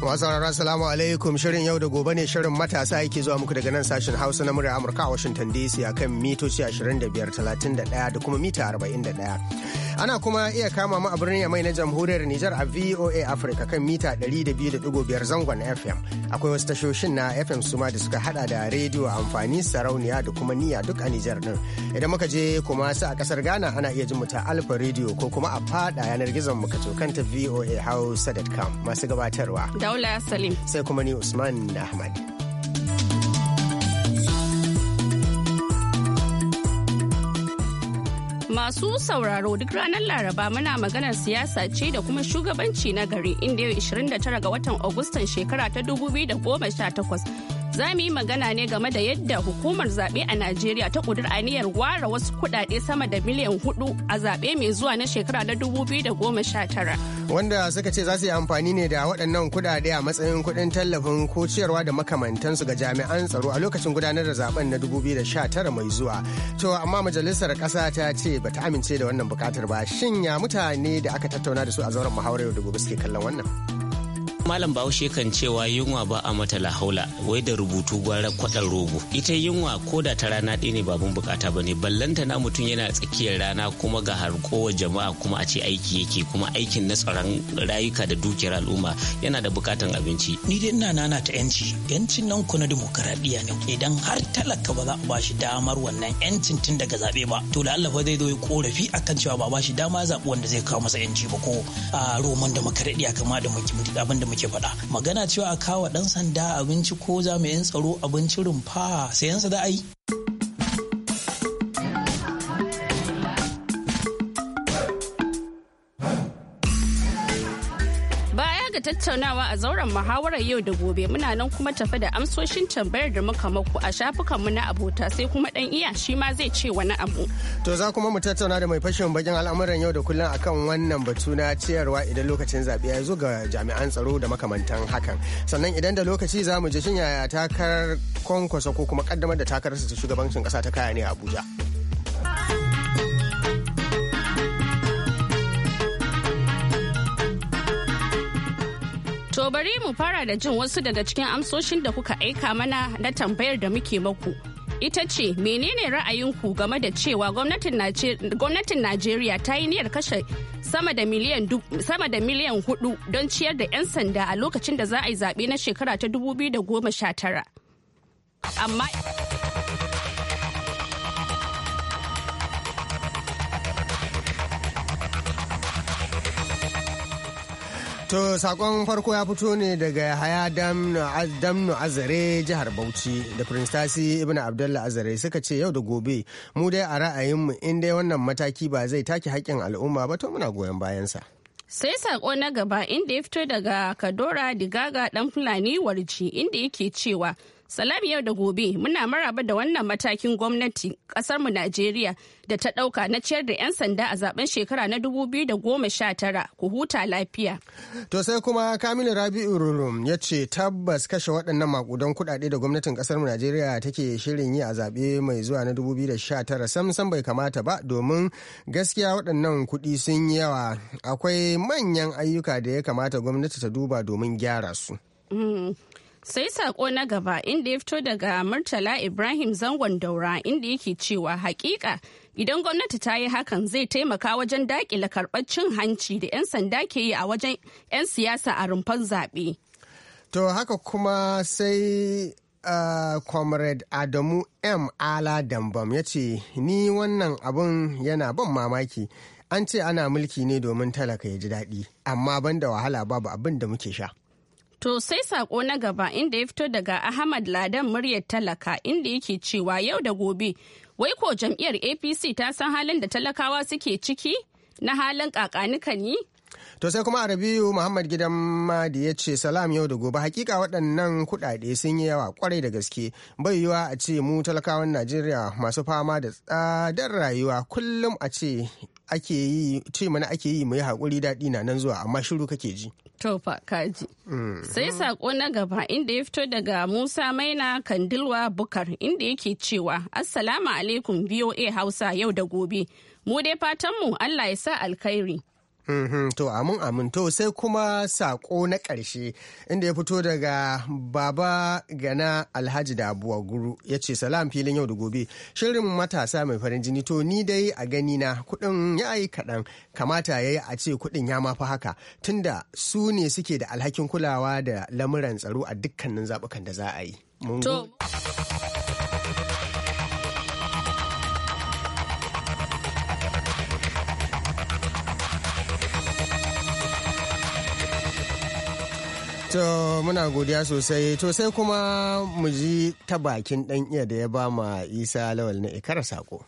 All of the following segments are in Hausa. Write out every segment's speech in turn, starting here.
Masarara salamu alaikum shirin yau da gobe ne shirin matasa yake zuwa muku daga nan sashen Hausa na murya Amurka a Washington DC akan mitoci 25, 31 da kuma mita 41. Ana kuma iya kama mu a birnin mai na jamhuriyar Nijar a VOA Africa kan mita 200.5 zangon FM. Akwai wasu tashoshin na FM suma da suka hada da rediyo amfani sarauniya da kuma niya duk a Nijar din. Idan muka je kuma su a kasar Ghana ana iya jin mu ta Alfa rediyo ko kuma a fada yanar gizon mu ka tokanta VOA Hausa.com masu gabatarwa. Daula Salim. Sai kuma ni Usman Ahmad. Masu sauraro duk ranar Laraba muna maganar siyasa ce da kuma shugabanci na gari inda yau 29 ga watan Agustan shekara ta 2018 za mu yi magana ne game da yadda hukumar zaɓe a Najeriya ta a aniyar ware wasu kuɗaɗe sama da miliyan hudu a zaɓe mai zuwa na shekara na 2019. Wanda suka ce za su yi amfani ne da waɗannan kuɗaɗe a matsayin kuɗin tallafin ko ciyarwa da makamantansu ga jami'an tsaro a lokacin gudanar da zaɓen na 2019 mai zuwa. To amma majalisar ƙasa ta ce ba ta amince da wannan buƙatar ba. Shin ya mutane da aka tattauna da su a zauren muhawarar yau da gobe suke kallon wannan? malam bahaushe kan cewa yunwa ba a mata lahaula wai da rubutu gwara kwaɗan rogo ita yunwa ko da ta rana ɗaya ne babun bukata ba ne ballanta na mutum yana tsakiyar rana kuma ga harkowar jama'a kuma a ce aiki yake kuma aikin na tsaron rayuka da dukiyar al'umma yana da bukatan abinci ni dai ina nana ta yanci yancin nan ku na demokaradiyya ne idan har talaka ba za a bashi damar wannan yancin tun daga zaɓe ba to Allah fa zai zo ya korafi akan cewa ba bashi dama zaɓi wanda zai kawo masa yanci ba ko a roman demokaradiyya kama da abin da muke faɗa magana cewa a kawo ɗan sanda abinci ko jami'in tsaro abincin rumfa sayansa za a yi da tattaunawa a zauren muhawarar yau da gobe muna nan kuma tafi da amsoshin tambayar da muka maku a shafukanmu na abota sai kuma dan iya shi ma zai ce wani abu. To za kuma mu tattauna da mai fashin bakin al'amuran yau da kullum akan wannan batu na ciyarwa idan lokacin zaɓe ya zo ga jami'an tsaro da makamantan hakan. Sannan idan da lokaci za mu je shin yaya takarar kwankwasa ko kuma kaddamar da takararsa ta shugabancin ƙasa ta kaya ne a Abuja. To bari mu fara da jin wasu daga cikin amsoshin da kuka aika mana na tambayar da muke maku. Ita ce menene ra'ayinku game da cewa gwamnatin Najeriya ta yi niyyar kashe sama da miliyan hudu don ciyar da 'yan sanda a lokacin da za a yi zaɓe na shekara ta 2019. Amma To sakon farko ya fito ne daga Haya Damnu Azare jihar Bauchi da Prince Tasi Ibn Abdullah Azare suka ce yau da gobe mu dai a ra'ayinmu in dai wannan mataki ba zai take haƙƙin al'umma ba to muna goyon bayansa. Sai sako na gaba inda ya fito daga Kadora Digaga dan Fulani Warji inda yake cewa Salam yau da gobe muna maraba da wannan matakin gwamnati kasarmu Najeriya da ta dauka na ciyar da 'yan sanda a zaben shekara na 2019 ku huta lafiya. To sai kuma Kamilu Rabi'u Rurum ya ce tabbas kashe waɗannan makudan kuɗaɗe da gwamnatin kasarmu Najeriya take shirin yi a zabe mai zuwa na 2019 sam sam bai kamata ba domin gaskiya waɗannan kuɗi sun yi yawa akwai manyan ayyuka da ya kamata gwamnati ta duba domin gyara su. Mm. sai sako na gaba inda ya fito daga murtala ibrahim zangon daura inda yake cewa hakika idan gwamnati ta yi hakan zai taimaka wajen dakile karɓar cin hanci da 'yan sanda ke yi a wajen 'yan siyasa a rumfan zaɓe. to haka kuma sai Uh, comrade adamu m ala dambam ya ce ni wannan abun yana ban mamaki an ce ana mulki ne domin talaka ya ji daɗi amma banda wahala babu abin da muke sha To sai sako na gaba inda ya fito daga Ahmad Ladan muryar talaka inda yake cewa yau da gobe wai ko jam'iyyar APC ta san halin da talakawa suke ciki na halin kakanikan yi? To sai kuma Arabiyu Muhammad Gidan Madi ya ce salam yau da gobe hakika waɗannan kuɗaɗe sun yi yawa kwarai da gaske bai yiwa a ce mu talakawan Najeriya masu fama da tsadar rayuwa kullum a ce ake yi ce mana ake yi mai hakuri haƙuri daɗi na nan zuwa amma shiru kake ji. Tofa kaji. Sai sako na gaba inda ya fito daga Musa Maina Kandilwa Bukar inda yake cewa Assalamu alaikum VOA Hausa yau da gobe. Mu dai fatanmu Allah ya sa alkhairi. Mm-hmm. To amin amin to sai kuma sako na karshe inda ya fito daga baba gana alhaji da abuwa guru ya ce salam filin yau da gobe shirin matasa mai farin jini to ni dai a gani na kuɗin ya yi kaɗan kamata ya yi a ce kuɗin ya mafi haka tunda su ne suke da alhakin kulawa da lamuran tsaro a dukkanin zaɓukan da za a yi. To muna godiya sosai to sai kuma mu ji ta bakin dan iya da ya ba ma isa lawal na ikara sako.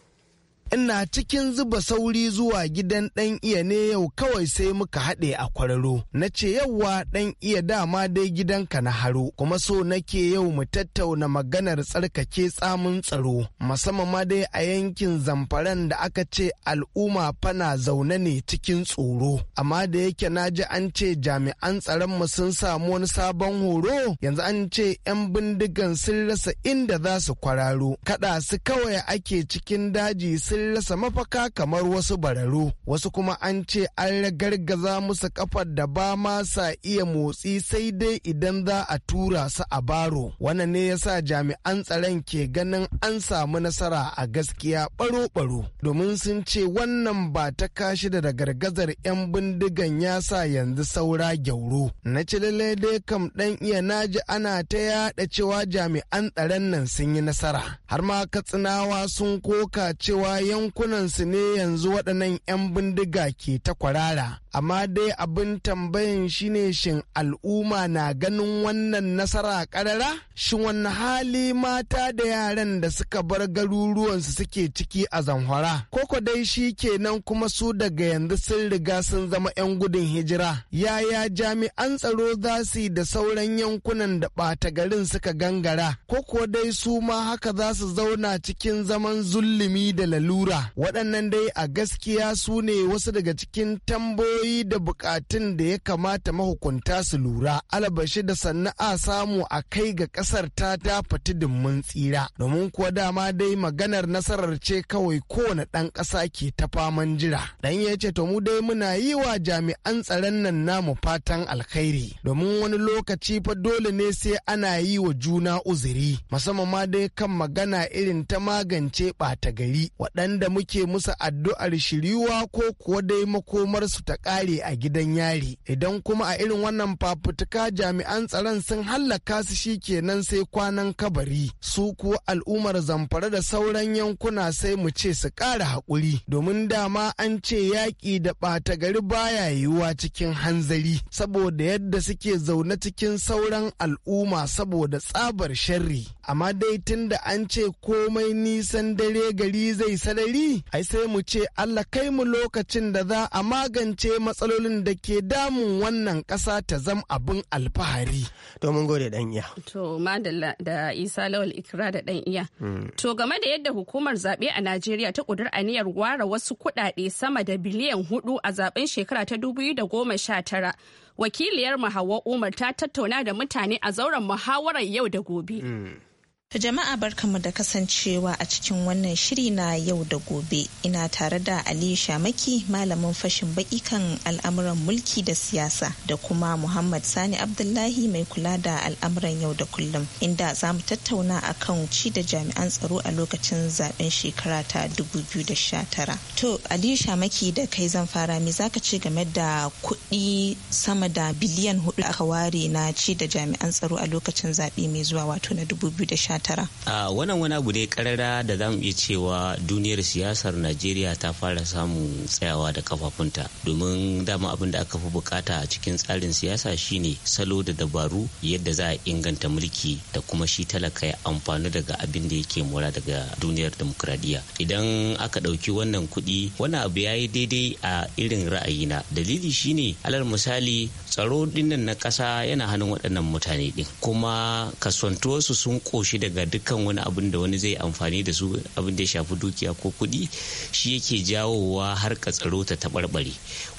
ina cikin zuba sauri zuwa gidan ɗan iya ne yau kawai sai muka haɗe a kwararo na ce yauwa ɗan iya dama dai gidanka na haro kuma so nake yau mu tattauna maganar tsarkake tsamin tsaro musamman ma dai a yankin zamfaran da aka ce al'umma fana zaune ne cikin tsoro amma da yake na ji an ce jami'an tsaron mu sun samu wani sabon horo yanzu an ce 'yan bindigan sun rasa inda za su kwararo kaɗa su kawai ake cikin daji sun an rasa mafaka kamar wasu bararu wasu kuma an ce an ragargaza musu kafar da ba ma sa iya motsi sai dai idan za a tura su a baro wannan ne ya sa jami'an tsaron ke ganin an samu nasara a gaskiya baro-baro domin sun ce wannan ba ta kashi da gargazar 'yan bindigan ya sa yanzu saura gyauro na ci dai kam dan iya naji ana ta yada cewa jami'an tsaron nan sun yi nasara har ma katsinawa sun koka cewa ya. yankunansu ne yanzu waɗannan 'yan bindiga ke ta kwarara amma dai abin tambayin shine shin al'umma na ganin wannan nasara karara shin wani hali mata da yaran da suka bar garuruwansu suke ciki a zamfara koko dai shi kenan kuma su daga yanzu sun riga sun zama 'yan gudun hijira yaya jami'an tsaro za su yi da sauran yankunan da ɓata garin suka gangara ko dai su ma haka za su zauna cikin zaman zulumi da lalura waɗannan dai a gaskiya su ne wasu daga cikin tambayoyi hanyoyi da bukatun da ya kamata mahukunta su lura alabashi da sana'a samu a kai ga kasar ta fati tudun tsira domin kuwa dama dai maganar nasarar ce kawai kowane ɗan ƙasa ke ta faman jira dan ya ce to mu dai muna yi wa jami'an tsaron nan namu fatan alkhairi domin wani lokaci fa dole ne sai ana yi wa juna uzuri musamman ma dai kan magana irin ta magance ɓata gari waɗanda muke musu addu'ar shiriwa ko kuwa dai makomarsu ta kare a gidan yari idan kuma a irin wannan fafutuka jami'an tsaron sun hallaka su shi kenan sai kwanan kabari su kuwa al'ummar zamfara da sauran yankuna sai mu ce su ƙara haƙuri domin dama an ce yaƙi da ɓata gari baya yiwuwa cikin hanzari saboda yadda suke zaune cikin sauran al'umma saboda tsabar sharri amma dai tun da an ce komai nisan dare gari zai sarari ai sai mu ce Allah kai mu lokacin da za a magance matsalolin da ke damun wannan ƙasa ta zam abin alfahari. To mun gode dan iya. To madalla da Isa Lawal Ikra da dan iya. Hmm. To game da yadda hukumar zaɓe a Najeriya ta ƙudur aniyar ware wasu kuɗaɗe sama da biliyan hudu a zaɓen shekara ta da goma sha tara. Wakiliyar Hawa Umar ta tattauna da mutane a zauren muhawarar yau da gobe. Hmm. Jama'a barkanmu da kasancewa a cikin wannan shiri na yau da gobe ina tare da Ali Shamaki malamin fashin baki kan al'amuran mulki da siyasa da kuma Muhammad Sani Abdullahi mai kula da al'amuran yau da kullum inda za mu tattauna kan ci da jami'an tsaro a lokacin zaben shekara ta 2019. To Ali Shamaki da kai zan fara me zaka ce game da kuɗi sama da biliyan hudu aka ware na ci da jami'an tsaro a lokacin zaɓe mai zuwa wato na 2019. tara. a wannan wani abu ne karara da za mu iya cewa duniyar siyasar najeriya ta fara samun tsayawa da kafafunta domin dama abin da aka fi bukata a cikin tsarin siyasa shine salo da dabaru yadda za a inganta mulki da kuma shi talaka ya amfani daga abin da yake mura daga duniyar demokradiyya idan aka ɗauki wannan kuɗi wani abu ya yi daidai a irin ra'ayina dalili shine alal misali tsaro dinnan na ƙasa yana hannun waɗannan mutane ɗin kuma kasuwantuwarsu sun ƙoshi daga daga dukkan wani abin da wani zai amfani da su abin da ya shafi dukiya ko kuɗi shi yake jawowa ka tsaro ta taɓarɓare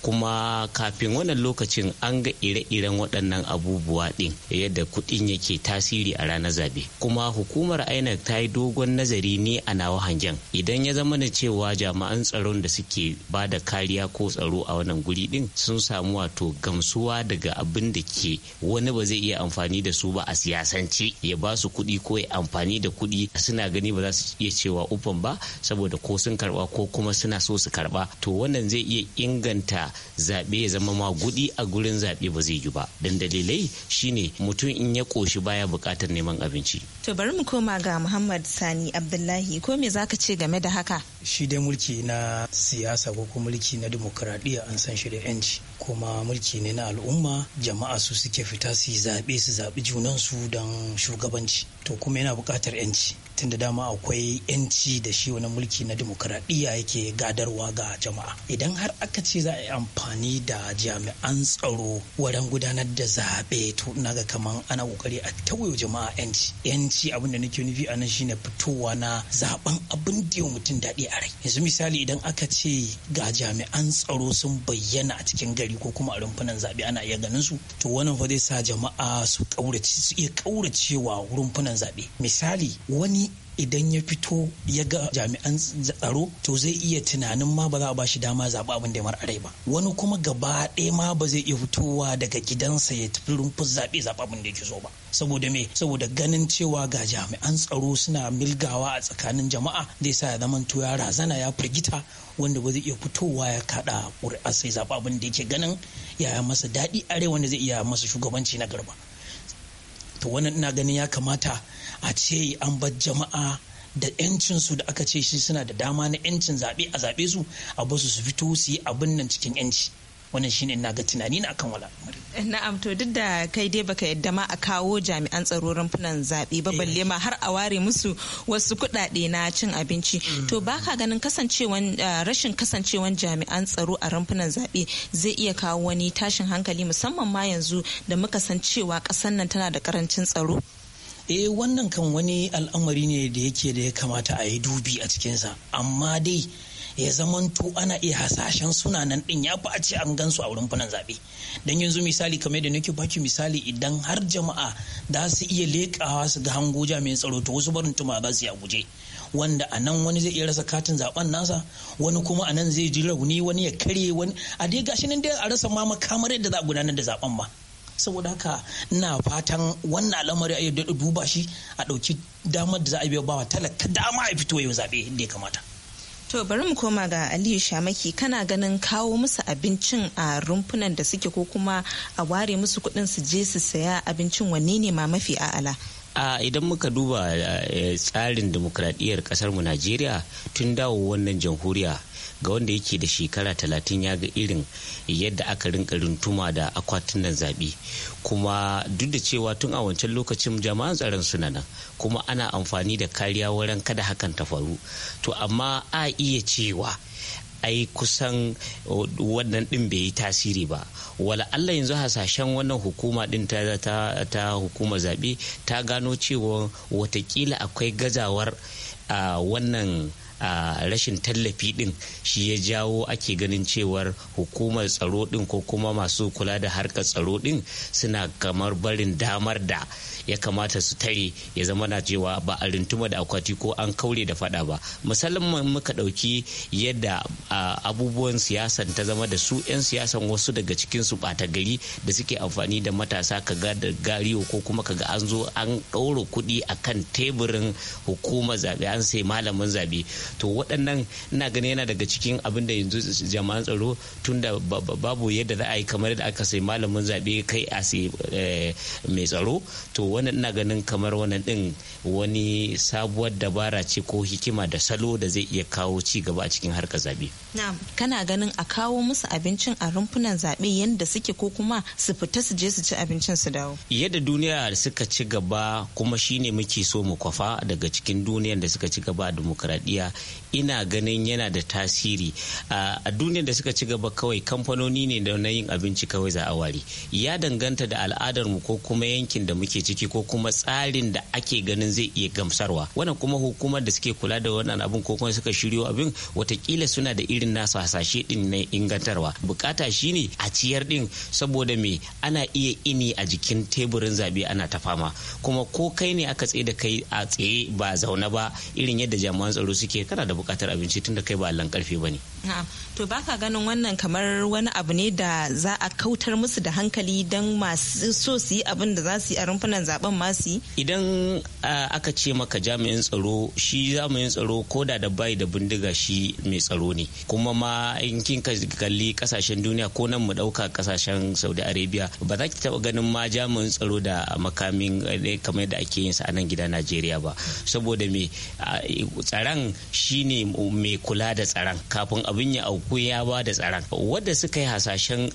kuma kafin wannan lokacin an ga ire-iren waɗannan abubuwa ɗin yadda kuɗin yake tasiri a ranar zabe kuma hukumar inec ta yi dogon nazari ne a nawa hangen idan ya zama na cewa jami'an tsaron da suke ba da kariya ko tsaro a wannan guri ɗin sun samu wato gamsuwa daga abin da ke wani ba zai iya amfani da su ba a siyasance ya ba su kuɗi ko ya amfani da kuɗi suna gani ba za su iya cewa ufan ba saboda ko sun karɓa ko kuma suna so su karɓa, to wannan zai iya inganta zaɓe ya zama ma gudi a gurin zaɓe ba zai yi ba dan dalilai shine mutum in ya ƙoshi baya buƙatar neman abinci to bari mu koma ga muhammad sani abdullahi ko me zaka ce game da haka shi dai mulki na siyasa ko kuma mulki na demokradiyya an san shi da yanci kuma mulki ne na al'umma jama'a su suke fita su yi zaɓe su zaɓi junansu don shugabanci to kuma yana buƙatar yanci tunda dama akwai yanci da shi wani mulki na demokuraɗiyya yake gadarwa ga jama'a idan har aka ce za a yi amfani da jami'an tsaro wurin gudanar da zaɓe to ina ga kaman ana kokari a tauye jama'a yanci yanci abin da nake nufi a nan shine fitowa na zaben abin da yau mutum daɗi a rai yanzu misali idan aka ce ga jami'an tsaro sun bayyana a cikin gari ko kuma a rumfunan zaɓe ana iya ganin su to wannan fa zai sa jama'a su kaurace su iya kauracewa rumfunan zaɓe misali wani idan ya fito ya ga jami'an tsaro to zai iya tunanin ma ba za a bashi dama zaɓi abin da mara rai ba wani kuma gaba ɗaya ma ba zai iya fitowa daga gidansa ya tafi rumfus zaɓe zaɓi abin da yake so ba saboda me saboda ganin cewa ga jami'an tsaro suna milgawa a tsakanin jama'a zai sa ya zaman to ya razana ya firgita wanda ba zai iya fitowa ya kaɗa ƙuri'ar sai zaɓi abin da yake ganin yaya masa daɗi arewa wanda zai iya masa shugabanci na garba to wannan ina ganin ya kamata a ce an bar jama'a da 'yancinsu da aka ce shi suna da dama na 'yancin zaɓe a zaɓe su a basu su fito su yi abin nan cikin 'yanci. wannan shine na ga tunani na akan wala na'am to duk da kai dai baka yadda ma a kawo jami'an tsaro rumfunan zaɓe ba balle eh. ma har a ware musu wasu kuɗaɗe na cin abinci mm. to baka ganin kasancewan eh, rashin kasancewan jami'an tsaro a rumfunan zaɓe zai iya kawo wani tashin hankali musamman ma yanzu da muka san cewa ƙasar nan tana da karancin tsaro eh wannan kan wani al'amari ne da yake da ya kamata a yi dubi a cikinsa amma dai ya zamanto ana iya hasashen sunanan ɗin ya fi a ce an gansu a wurin funan zaɓe don yanzu misali kamar da nake baki misali idan har jama'a da su iya leƙawa su ga hango jami'in tsaro to wasu barin tuma ba su ya guje wanda a nan wani zai iya rasa katin zaben nasa wani kuma a nan zai ji rauni wani ya karye wani a dai gashi nan dai a rasa ma makamar yadda za a gudanar da zaɓen ba. saboda haka na fatan wannan al'amari a da duba shi a ɗauki damar da za a biya bawa talaka dama a fito yau zaɓe da ya kamata to bari mu koma ga aliyu shamaki kana ganin kawo musu abincin a rumfunan da suke ko kuma a ware musu kuɗin su je su saya abincin wanne ne ma mafi a'ala a idan muka duba e, tsarin demokradiyyar kasar najeriya tun dawo wannan jamhuriya ga wanda yake da shekara talatin ya ga irin yadda aka rinka runtuma da akwatunan zaɓe kuma duk da cewa tun a wancan lokacin jama'an tsaron suna nan kuma ana amfani da kariya wurin kada hakan ta faru to amma a iya cewa ai kusan wannan din bai yi tasiri ba wala Allah yanzu hasashen wannan hukuma din ta ta hukumar zaɓe ta gano cewa watakila akwai gazawar a wannan a rashin tallafi din shi ya jawo ake ganin cewar hukumar tsaro din ko kuma masu kula da harkar tsaro din suna kamar barin damar da ya kamata su tare ya zama na cewa ba a rintuma da akwati ko an kaure da fada ba musamman muka ɗauki yadda abubuwan siyasan ta zama da su 'yan siyasan wasu daga cikin su bata gari da suke amfani da matasa ka ga da gariyo ko kuma ka ga an zo an ɗaura kuɗi a kan teburin hukumar zaɓe an sai malamin zaɓe to waɗannan ina ganin yana daga cikin abin da yanzu jama'an tsaro tunda babu yadda za a yi kamar da aka sai malamin zaɓe kai a sai eh, mai tsaro to wannan ina ganin kamar wani din wani sabuwar dabara ce ko hikima da salo da zai iya kawo ci gaba a cikin harkar zabe kana ganin a kawo musu abincin a rumfunan zabe yadda suke ko kuma su fita su je su ci abincin su dawo yadda duniya suka ci gaba kuma shine muke so mu kwafa daga cikin duniyar da suka ci gaba a demokradiyya ina ganin yana da tasiri a duniyar da suka ci gaba kawai kamfanoni ne da na yin abinci kawai za a ware ya danganta da al'adar mu ko kuma yankin da muke ciki ko kuma tsarin da ake ganin zai iya gamsarwa wannan kuma hukumar da suke kula da wannan abin ko kuma suka shiryo abin watakila suna da irin nasu hasashe din na ingantarwa bukata shine a ciyar din saboda me ana iya ini a jikin teburin zabe ana ta fama kuma ko kai ne aka tsaye da kai a tsaye ba zaune ba irin yadda jami'an tsaro suke kana da buƙatar abinci tunda kai ba allon karfe ba ne To baka ganin wannan kamar wani abu ne da za a kautar musu da hankali don masu so su yi abin da za su yi a rumfunan zaben masu yi? Idan aka ce maka jami'in tsaro shi jami'in tsaro ko da da bai da bindiga shi mai tsaro ne. Kuma ma in kin kalli kasashen duniya ko nan mu dauka kasashen Saudi Arabia ba za ki taba ganin ma jami'in tsaro da makamin eh, kamar da ake yin sa a nan gida Najeriya ba. Saboda me tsaron shine mai kula da tsaron kafin abin ya auku ya ba da tsaron wadda suka yi hasashen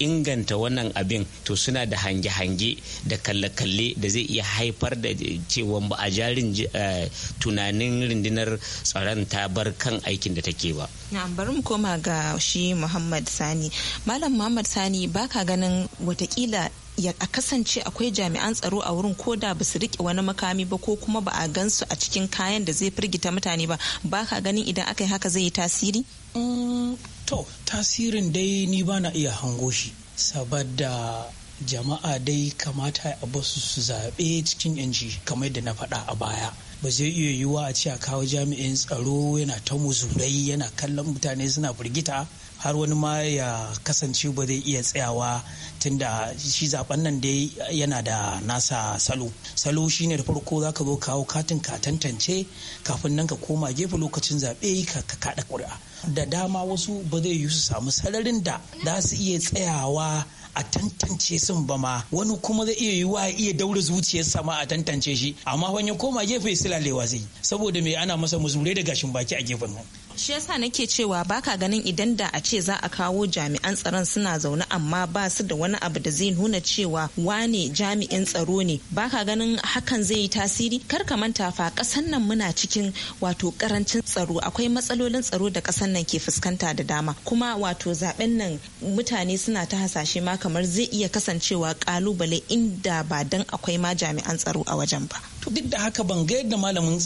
inganta wannan abin to suna da hange-hange da kalle-kalle da zai iya haifar da cewa ba a jarin eh, tunanin rundunar tsaron ta bar kan aikin da take ba. na bari mu koma ga shi Muhammad Sani. Malam Muhammad Sani baka ganin watakila ya a kasance akwai jami'an tsaro a wurin ko da su rike wani makami ba ko kuma ba a gansu a cikin kayan da zai firgita mutane ba ba ka ganin idan aka yi haka zai yi tasiri mm, to tasirin dai ni ba na iya hango shi saboda jama'a dai kamata a basu su zaɓe cikin yanci kamar da na faɗa a baya ba zai iya yiwuwa a ce a kawo jami'in tsaro yana ta muzurai yana kallon mutane suna firgita har wani ma ya kasance ba zai iya tsayawa tunda shi zaben nan dai yana da nasa salo salo shine da farko za ka zo kawo katin ka tantance kafin nan ka koma gefe lokacin zaɓe ka kaɗa ƙuri'a da dama wasu ba zai yi su samu sararin da za su iya tsayawa a tantance sun ba ma wani kuma zai iya yiwa iya daura zuciyar sama a tantance shi amma wani koma gefe silalewa zai saboda me ana masa musulai da gashin baki a gefen nan shi yasa nake cewa baka ganin idan da a ce za a kawo jami'an tsaron suna zaune amma ba su da wani abu da zai nuna cewa wane jami'in tsaro ne baka ganin hakan zai yi tasiri kar ka manta fa kasan nan muna cikin wato karancin tsaro akwai matsalolin tsaro da kasan nan ke fuskanta da dama kuma wato zaben nan mutane suna ta hasashe ma kamar zai iya kasancewa kalubale inda ba dan akwai ma jami'an tsaro a wajen ba to duk da haka ban ga yadda malamin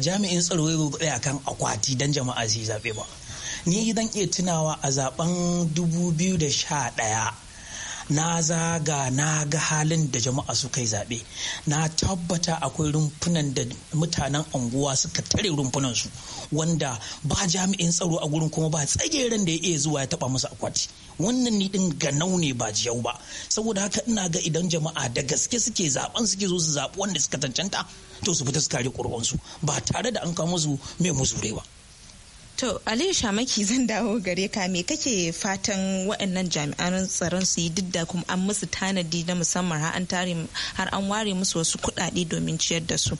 jami'in tsaro ya a kan akwati dan jama'a su zaɓe ba ni zan iya tunawa a zaben 2011 na zaga na ga halin da jama'a suka yi zaɓe na tabbata akwai rumfunan da mutanen unguwa suka tare rumfunan su wanda ba jami'in tsaro a gurin kuma ba tsageren da ya iya zuwa ya taɓa musu akwati wannan ni din ga ne ba jiyau ba saboda haka ina ga idan jama'a da gaske suke zaben suke zo su zaɓi wanda suka cancanta to su fita su kare su ba tare da an kawo su mai muzurewa ba To Aliyu Shamaki zan dawo gare ka me kake fatan waɗannan jami'an tsaron su yi duk kuma an musu tanadi na musamman har an ware musu wasu kuɗaɗe domin ciyar da su.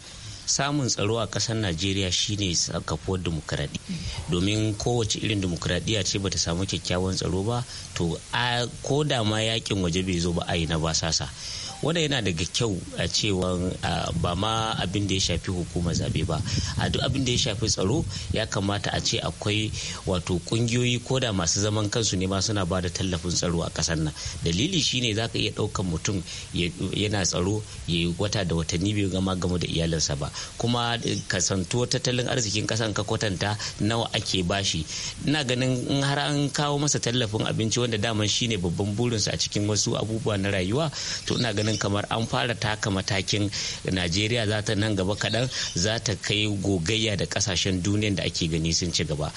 samun tsaro a ƙasar najeriya shine kafuwar dimokuraɗi domin kowace irin dimokuraɗiyya ce bata samu kyakkyawan tsaro ba to ko da ma yakin waje bai zo ba a yi na basasa wanda yana daga kyau a cewa ba ma abin da ya shafi hukumar zabe ba a duk abin da ya shafi tsaro ya kamata a ce akwai wato kungiyoyi ko da masu zaman kansu ne ma suna ba da tallafin tsaro a kasar nan dalili shine za ka iya ɗaukan mutum yana tsaro ya yi wata da watanni biyu gama gama da iyalinsa ba kuma kasanto tattalin arzikin kasan ka kwatanta nawa ake bashi ina ganin in har an kawo masa tallafin abinci wanda daman shine babban burinsa a cikin wasu abubuwa na rayuwa to ina ganin ganin kamar an fara taka matakin najeriya za ta nan gaba kaɗan za ta kai gogayya da ƙasashen duniyan da ake gani sun ci gaba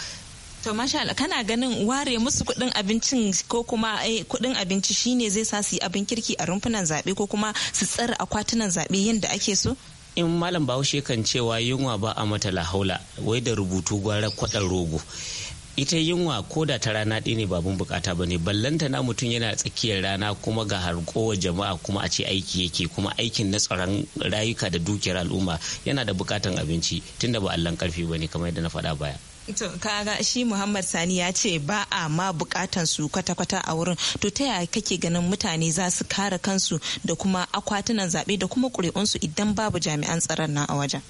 to masha kana ganin ware musu kudin abincin ko kuma eh, kudin abinci shine zai sa su abin kirki a rumfunan zabe ko kuma su tsara akwatunan zaɓe yadda ake so in malam bahaushe kan cewa yunwa ba a mata lahaula wai da rubutu gwara kwaɗan rogo ita yunwa ko da ta rana ɗaya ne babun bukata ba ne ballanta na mutum yana tsakiyar rana kuma ga harkowa jama'a kuma a ce aiki yake kuma aikin na tsaron rayuka da dukiyar al'umma yana da bukatan abinci tunda ba allon karfi ba ne kamar yadda na faɗa baya To kaga shi Muhammad Sani ya ce ba a ma bukatan su kwata-kwata a wurin to ta yaya kake ganin mutane za su kare kansu da kuma akwatunan zaɓe da kuma ƙuri'unsu idan babu jami'an tsaron nan a wajen.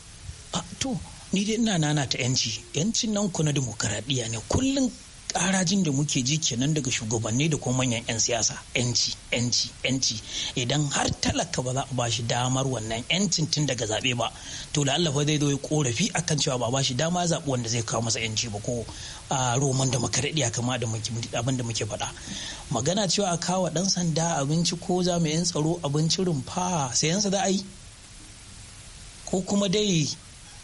To ni dai ina nana ta yanci yancin nan ku na demokaradiyya ne kullum karajin da muke ji kenan daga shugabanni da kuma manyan 'yan siyasa yanci yanci yanci idan har talaka ba za a bashi damar wannan yancin tun daga zaɓe ba to la'allafa zai zo ya korafi akan cewa ba bashi dama zaɓi wanda zai kawo masa yanci ba ko a roman da makaradiya kama da abin da muke faɗa magana cewa a kawo ɗan sanda abinci ko jami'in tsaro abincin rumfa sayansa za a yi ko kuma dai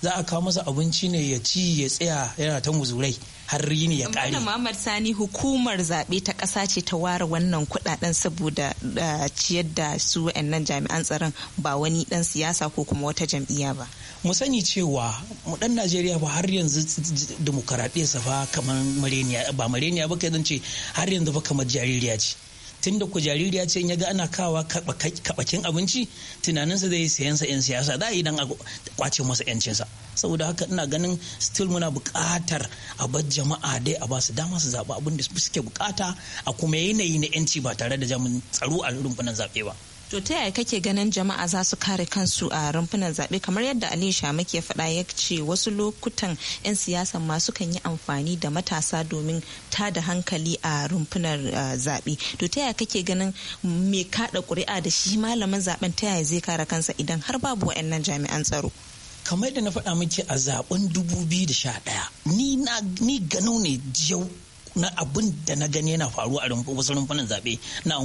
za a kawo masa abinci ne ya ci ya tsaya yana ta muzurai har rini ya kare. Muhammad Sani hukumar zaɓe ta ƙasa ce ta ware wannan kuɗaɗen saboda ciyar da su wa'annan jami'an tsaron ba wani ɗan siyasa ko kuma wata jam'iyya ba. Mu sani cewa mu ɗan Najeriya ba har yanzu dimokuraɗiyarsa fa kamar mareniya ba mareniya ba kai zan ce har yanzu fa kamar jaririya ce. tunda ku jariri ya ce in ya ga ana kawa kaɓakin abinci tunaninsa zai sayan sa 'yan siyasa za da idan a kwace masa 'yancinsa saboda haka ina ganin still muna buƙatar a bar jama'a dai a basu dama su zaɓi abin da suke buƙata a kuma yanayi na 'yanci ba tare da jamin tsaro a rumfunan zaɓe ba. to ta yaya kake ganin jama'a za su kare kansu a rumfunan zaɓe kamar yadda ali shamaki ya faɗa ya ce wasu lokutan 'yan siyasa ma kan yi amfani da matasa domin ta da hankali a rumfunar eh, zaɓe to ta yaya kake ganin me kaɗa ƙuri'a da shi malamin zaɓen ta yaya zai kare kansa idan har babu wayannan jami'an tsaro kamar da na faɗa miki a zaben 2011 ni na ni ne yau na abin da na gani yana faruwa a wasu rumfunan zaɓe na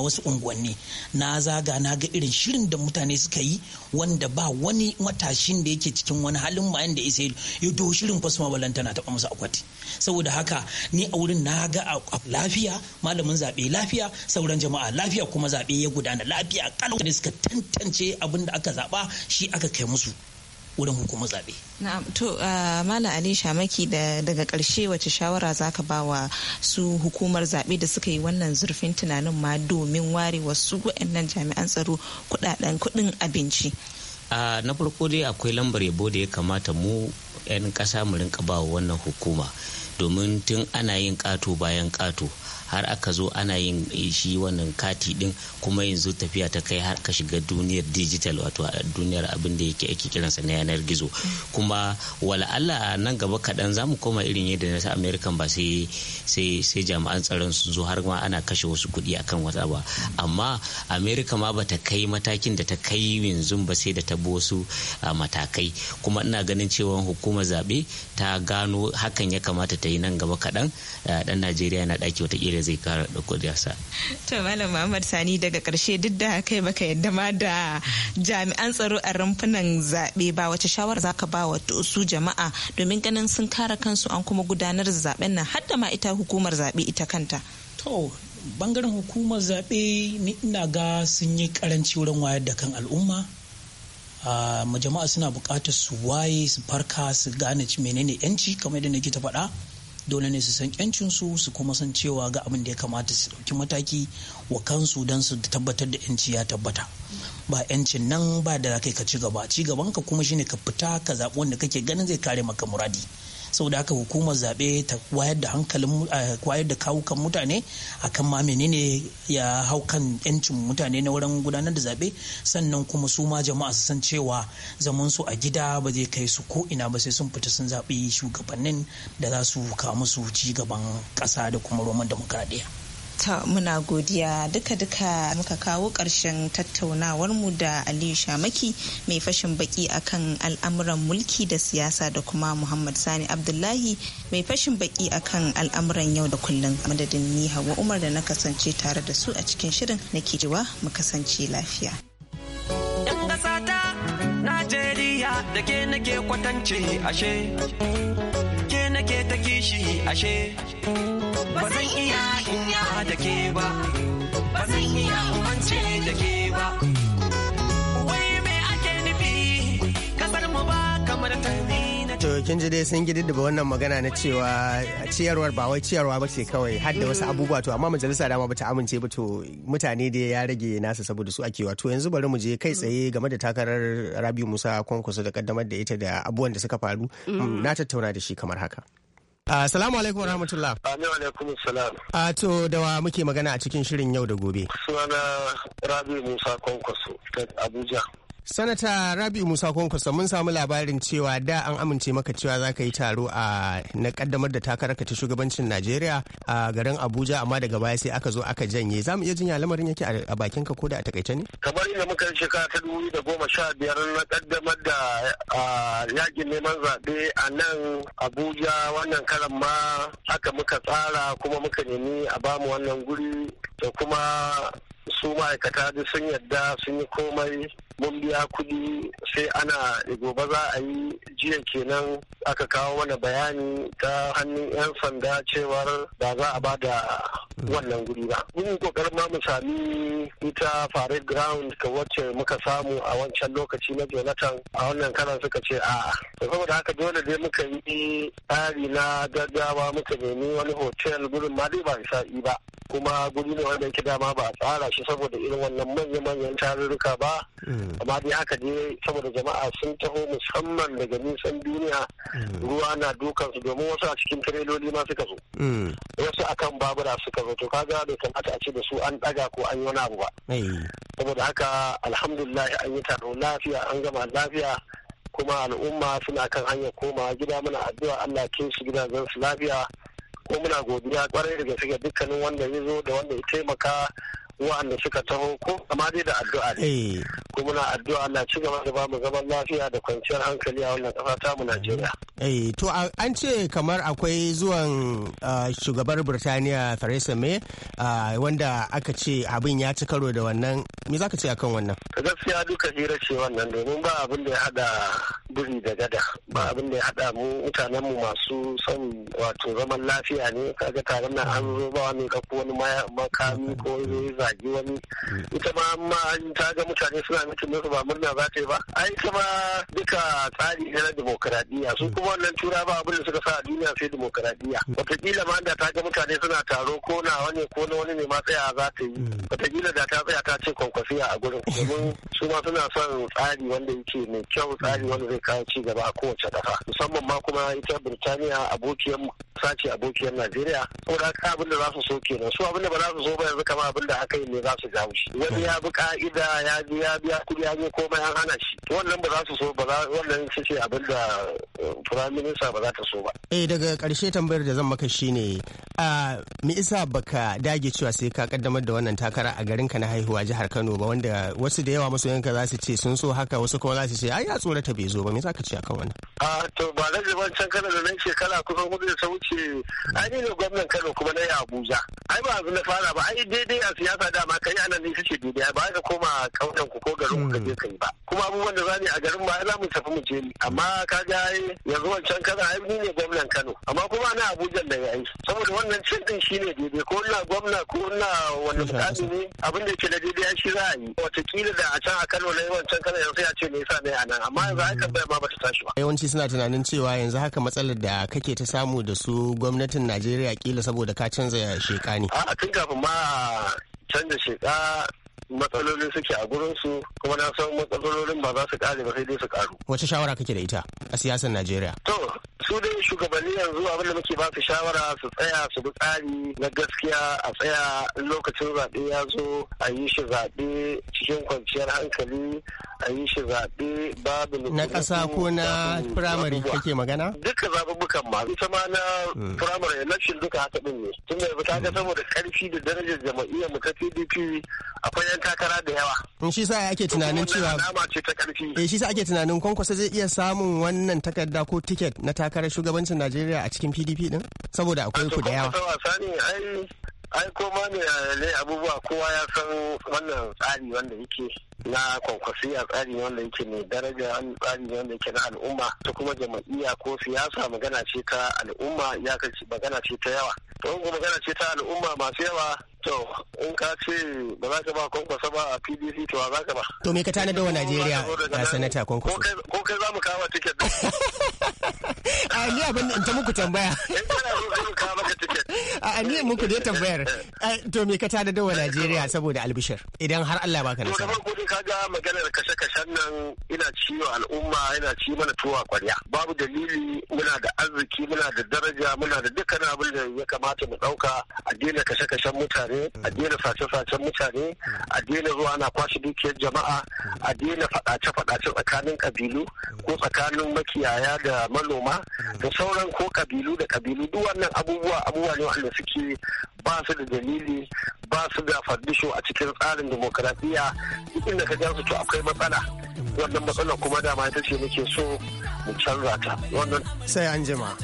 wasu unguwanni na zaga na ga irin shirin da mutane suka yi wanda ba wani matashin da yake cikin wani halin bayan da isa ya do shirin fasma balanta na taɓa musu akwati saboda haka ni a wurin na ga lafiya malamin zaɓe lafiya sauran jama'a lafiya kuma zaɓe ya gudana lafiya kalau da suka tantance abin da aka zaɓa shi aka kai musu wurin hukumar zaɓe. to uh, Mala ali shamaki da daga ƙarshe wace shawara zaka ka ba wa su hukumar zaɓe da suka yi wannan zurfin tunanin ma domin ware wasu wa'annan jami'an tsaro kuɗaɗen kuɗin abinci. na farko dai akwai lambar yabo da ya kamata mu 'yan ƙasa mu rinka ba wannan hukuma domin tun ana yin ƙato bayan ƙato har aka zo ana yin eh, shi wannan kati din kuma yanzu tafiya ta kai har ka shiga duniyar digital wato duniyar abin da yake ake kiransa na yanar gizo kuma wala Allah nan gaba kaɗan za mu koma irin yadda na american ba sai sai jami'an tsaron su zo har ma ana kashe wasu kuɗi akan wata ba amma america ma bata kai matakin da ta kai yanzu ba sai da ta bi wasu matakai kuma ina ganin cewa hukumar zaɓe ta gano hakan ya kamata ta yi nan gaba kaɗan ɗan najeriya na ɗaki watakila zai kara da kudiyarsa. To Malam Muhammad Sani daga karshe duk da kai baka yadda ma da jami'an tsaro a rumfunan zaɓe ba wace shawara za ka ba wa su jama'a domin ganin sun kara kansu an kuma gudanar zaɓen nan har da ma ita hukumar zaɓe ita kanta. To bangaren hukumar zaɓe ni ina ga sun yi karanci wurin wayar da kan al'umma Uh, jama'a suna bukatar su waye su farka su gane menene yanci kamar yadda nake ta faɗa dole ne su san yancinsu su kuma san cewa ga abin da ya kamata su ɗauki mataki wa kansu don su tabbatar da yanci ya tabbata ba yancin nan ba da kai ka ci gaba ci gaban ka kuma shine ka fita ka zaɓi wanda kake ganin zai kare maka muradi saboda haka hukumar zaɓe ta wayar da hankalin eh, wayar da kawukan mutane akan ma menene ya hau kan yancin mutane na wurin gudanar da zaɓe sannan kuma su ma jama'a su san cewa zaman su a gida ba zai kai su ko ina ba sai sun fita sun zaɓi shugabannin da za su kawo musu ci gaban ƙasa da kuma roman demokradiyya. ta muna godiya duka-duka muka kawo ƙarshen tattaunawarmu da aliyu shamaki mai fashin baki akan al'amuran mulki da siyasa da kuma muhammad sani abdullahi mai fashin baki akan al'amuran yau da kullum madadin ni hawa umar da na kasance tare da su a cikin shirin na kewa mu kasance lafiya Najeriya da ke nake kwatance ashe ke ta kishi ashe ba zan iya inya da ke ba ba zan iya umance da ke ba wai me ake nufi kasar mu ba kamar ta to kin ji dai sun da wannan magana na cewa ciyarwar ba wai ciyarwa ba ce kawai har da wasu mm. abubuwa to amma majalisa dama ba ta amince ba to mutane da ya rage nasa saboda su ake wato yanzu bari mu je kai mm. tsaye game da takarar Rabiu Musa Kwankwaso da kaddamar da ita da abubuwan da suka faru mm. na tattauna da shi kamar haka ah, Assalamu alaikum wa rahmatullah. Wa alaikum salam. Ah, to da wa muke magana a cikin shirin yau da gobe. Sunana Rabi Musa Kwankwaso, Abuja. sanata Rabi musa kwankwasa mun samu labarin cewa da an amince maka cewa za ka yi taro a na kaddamar da takarar ka ta shugabancin najeriya a garin abuja amma daga baya sai aka zo aka janye za mu iya jinya lamarin yake a bakin ka ko da a takaice ne kamar yadda muka yi shekara ta dubu da goma sha biyar na kaddamar da yakin neman zaɓe a nan abuja wannan karan ma haka muka tsara kuma muka nemi a bamu wannan guri da kuma su ma'aikata duk sun yadda sun yi komai mun biya kudi sai ana gobe za a yi jiya kenan aka kawo mana bayani ta hannun 'yan sanda cewar ba za a bada wannan guri ba. Mun kokarin ma mu sami ita fare ground ka wacce muka samu a wancan lokaci na Jonathan a wannan karan suka ce a saboda haka dole dai muka yi tsari na gaggawa muka nemi wani hotel gurin ma dai ba isa ba. kuma guri ne wanda yake dama ba a tsara shi saboda irin wannan manya-manyan tarurruka ba mm. amma dai haka ne saboda jama'a sun taho musamman daga nisan duniya mm. ruwa na dukan su domin wasu a cikin tireloli ma suka zo mm. wasu a kan babura suka zo to kaga da kamata a ce da su an daga ko an yi wani abu ba saboda haka alhamdulillah an yi taro lafiya an gama lafiya kuma al'umma suna kan hanyar komawa gida muna addu'a Allah ke su gidajen su lafiya ko muna godiya kwarai da gaske ga dukkanin wanda ya zo da wanda ya taimaka wa'anda suka taho ko amma dai da addu'a ne eh. ko na addu'a na ci gaba da bamu zaman lafiya da kwanciyar hankali a wannan kafa. ta mu Najeriya eh to an ce kamar akwai zuwan shugabar Burtaniya Theresa May wanda aka ce abin ya ci karo da wannan me zaka ce akan wannan gaskiya duka hira ce wannan domin ba abin da ya hada buri da gada ba abin da ya hada mu mutanen mu masu son wato zaman lafiya ne kaga taron nan an zo ba wani ka ko wani makami ko zai zagi wani ita ma ma ta ga mutane suna mutum musu ba murna za ta yi ba a ita ma duka tsari na demokaradiyya su kuma wannan tura ba abin da suka sa a duniya sai demokaradiyya wataƙila ma da ta ga mutane suna taro ko na wani ko na wani ne ma tsaya za ta yi hmm. wataƙila da ta tsaya ta ce kwankwasiya a gurin domin su ma suna son tsari wanda yake mai kyau tsari wanda zai kawo ci gaba a kowace ƙasa musamman ma kuma ita birtaniya abokiyar sace abokiyar najeriya ko da abin da za su so kenan su abin da ba za su so ba yanzu kama abin da haka kai ne za su jawo shi wani ya bi ka'ida ya biya biya kudi ya zo komai an hana shi wannan ba za su so ba za wannan su ce abin da firayim eh, minista ba za ta so ba. eh daga karshe tambayar da zan maka shi a me isa baka dage cewa sai ka kaddamar da wannan takara a garin ka na haihuwa jihar Kano ba wanda wasu da yawa ka za su ce sun so haka wasu kuma za su ce ai ya ta bai zo ba me za ka ce akan wannan. a to ba na jiban can kana da nan shekara kusan hudu da ta wuce ai ne gwamnan Kano kuma na Abuja ai ba abu na fara ba ai daidai a siyasa yasa dama yi anan nisa ce duniya ba ka koma kaunan ku ko garin ku kaje hmm. kai ba kuma abubuwan da za mu a garin ba za mu tafi mu je ni. amma ka ga yanzu wancan kaza ai ne gwamnan Kano amma kuma na Abuja da ya yi saboda wannan cin din shine daidai ko na gwamna ko na wani mutane ne abin da yake da daidai shi za a yi watakila da a can a Kano na wancan kaza yanzu ya ce me yasa ne a nan amma yanzu kan bai ma bata tashi ba yawanci suna tunanin cewa yanzu haka matsalar da kake ta samu da su gwamnatin Najeriya kila saboda ka canza shekani a tun kafin ma canza sheka matsaloli suke a gurin su kuma na san matsalolin ba za su kare ba sai dai su karu. Wace shawara kake da ita a siyasar Najeriya? To su dai shugabanni yanzu abin da muke ba su shawara su tsaya su bi tsari na gaskiya a tsaya lokacin zaɓe ya zo a yi shi zaɓe cikin kwanciyar hankali a yi shi zaɓe babu na ƙasa ko na firamare kake magana? Duka zaɓuɓɓukan ma ita ma na hmm. firamare election duka haka ɗin ne. Tun da ta ga hmm. saboda ƙarfi da darajar jama'iyyar mu ta PDP akwai 'yan takara da yawa. In shi sa ake tunanin cewa. Alama ce ta ƙarfi. Eh shi sa ake tunanin kwankwasa zai iya samun wannan takarda ko tiket na takara. takarar shugabancin Najeriya a cikin PDP din? Saboda akwai ku da yawa. ai koma ne ne abubuwa kowa ya san wannan tsari wanda yake na kwankwasi a tsari wanda yake mai daraja tsari wanda yake na al'umma ta kuma jama'iyya ko siyasa magana ce ta al'umma ya magana ce ta yawa to magana ce ta al'umma masu yawa To, in ka ce ba za ka ba kwankwasa ba a PDC to za ka ba. To me ka tanada wa Najeriya ya sanata kwankwasa? Ko kai za mu kawo tiket din. A ni abin ta muku tambaya. Eh, a ni muku dai tambayar. Eh, eh, to me ka tanada wa Najeriya saboda albishir idan har Allah ka nasara. Kamar kudin ka ga maganar kashe-kashen nan ina ciwo al'umma ina ci mana tuwa kwarya. Babu dalili muna da arziki muna da daraja muna da dukkan abin da ya kamata mu ɗauka a daina kashe-kashen mutane mutane a daina face-facen mutane a daina zuwa na kwashe dukiyar jama'a a daina faɗace-faɗace tsakanin kabilu ko tsakanin makiyaya da manoma da sauran ko kabilu da kabilu duk wannan abubuwa abubuwa ne wanda suke ba su da dalili ba su da fadisho a cikin tsarin demokaradiyya inda ka gansu to akwai matsala wannan matsala kuma dama ita ce muke so mu canza ta wannan sai an jima.